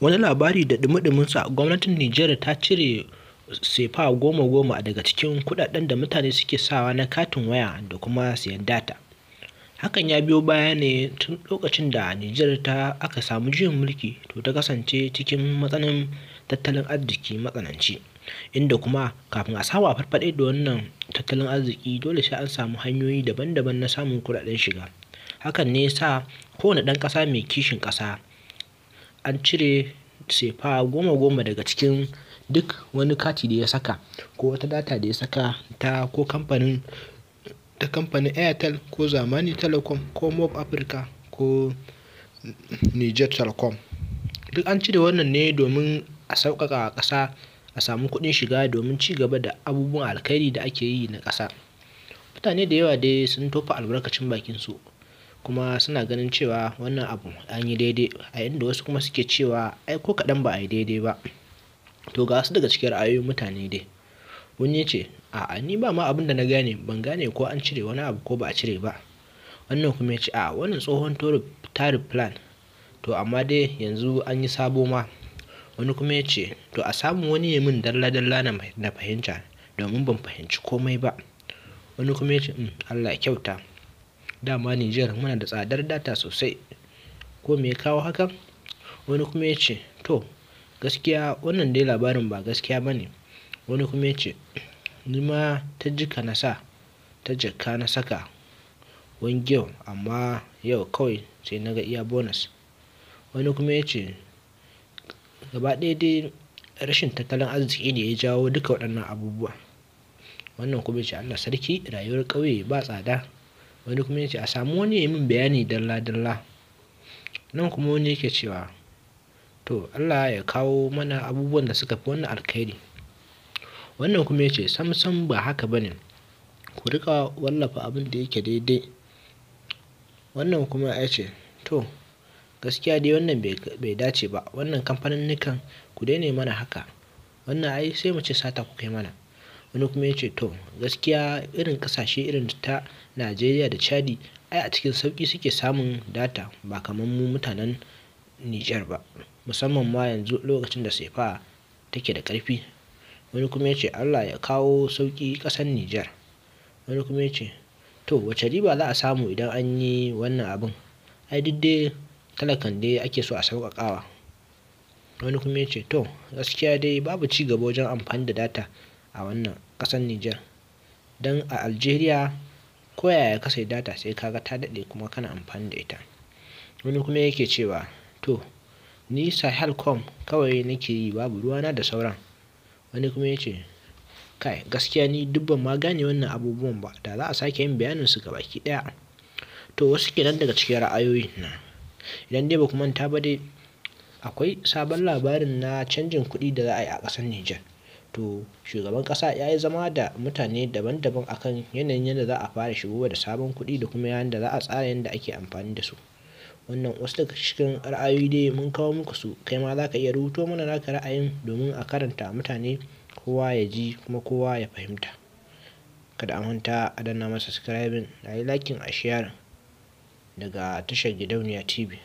Wani labari da ɗumi a gwamnatin Nijar ta cire sefa goma goma daga cikin kuɗaɗen da mutane suke sawa na katin waya da kuma siyan data. Hakan ya biyo baya ne tun lokacin da Nijar ta aka samu juyin mulki to ta kasance cikin matsanin tattalin arziki matsananci, inda kuma kafin a samu a farfaɗe da wannan tattalin arziki dole sai an samu hanyoyi daban-daban na samun kuɗaɗen shiga. Hakan ne sa kowane ɗan ƙasa mai kishin ƙasa an cire sefa goma goma daga cikin duk wani kati da ya saka ko wata data da ya saka ta ko kamfanin ta kamfanin Airtel ko Zamani Telecom ko Mob Africa ko Niger Telecom. Duk an cire wannan ne domin a sauƙaƙa ƙasa a samu kuɗin shiga domin ci gaba da abubuwan alkhairi da ake yi na ƙasa. Mutane da yawa dai sun tofa albarkacin bakin su kuma suna ganin cewa wannan abu an yi daidai a inda wasu kuma suke cewa ai ko kaɗan ba a yi daidai ba. To ga wasu daga cikin ra'ayoyin mutane dai. Wani ya ce a'a ni ba ma abin da na gane ban gane ko an cire wani abu ko ba a cire ba. Wannan kuma ya ce a wannan tsohon tarif plan to amma dai yanzu an yi sabo ma. Wani kuma ya ce to a samu wani ya min dalla dalla na fahimta domin ban fahimci komai ba. Wani kuma ya ce hmm, Allah kyauta. dama Nijar muna da tsadar data sosai. Ko me ya kawo hakan? Wani kuma ya ce to gaskiya wannan dai labarin ba gaskiya ba ne. Wani kuma ya ce nima ta jika na sa, ta jaka na saka wani amma yau kawai sai na ga iya bonus. Wani kuma ya ce gaba ɗaya dai rashin tattalin arziki ne ya jawo duka waɗannan abubuwa. Wannan kuma ya ce Allah sarki rayuwar ƙauye ba tsada. wani kuma ya a samu wani ya min bayani dalla dalla nan kuma wani yake cewa to Allah ya kawo mana abubuwan da suka fi wannan alkhairi wannan kuma ya ce samsam ba haka bane ku rika wallafa abin da yake daidai wannan kuma ya ce to gaskiya dai wannan bai dace ba wannan kamfanin nikan ku daina mana haka wannan ai sai mu ce sata ku kai mana Wani kuma ya ce to gaskiya irin kasashe irin ta Najeriya da Chadi ai a cikin sauki suke samun data ba kamar mu mutanen Nijar ba. Musamman ma yanzu lokacin da sefa take da karfi Wani kuma ya ce Allah ya kawo sauki kasar Nijar. Wani kuma ya ce to wace riba za a samu idan an yi wannan abin? Ai duk dai talakan dai ake so a sauƙaƙawa. Wani kuma ya ce to gaskiya dai babu ci gaba wajen amfani da data a wannan ƙasar Nijar. Don a Algeria ko yaya ka sai data sai ka ga ta daɗe kuma kana amfani da ita. Wani kuma yake cewa to ni Sahelcom kawai nake yi babu ruwa na da sauran. Wani kuma ya ce kai gaskiya ni dubban ma gane wannan abubuwan ba da za a sake yin bayanin su ga baki ɗaya. To wasu kenan daga cikin ra'ayoyin na. Idan dai ba kuma ta ba dai akwai sabon labarin na canjin kuɗi da za a yi a ƙasar Nijar. to shugaban ƙasa ya yi zama da mutane daban daban akan yanayin yadda za a fara shigo da sabon kuɗi da kuma yayin da za a tsara yadda ake amfani da su wannan wasu daga cikin ra'ayoyi dai mun kawo muku su kai ma za ka iya rubuto mana naka ra'ayin domin a karanta mutane kowa ya ji kuma kowa ya fahimta kada a manta a danna masa subscribing a yi liking a share daga tashar gidauniya tv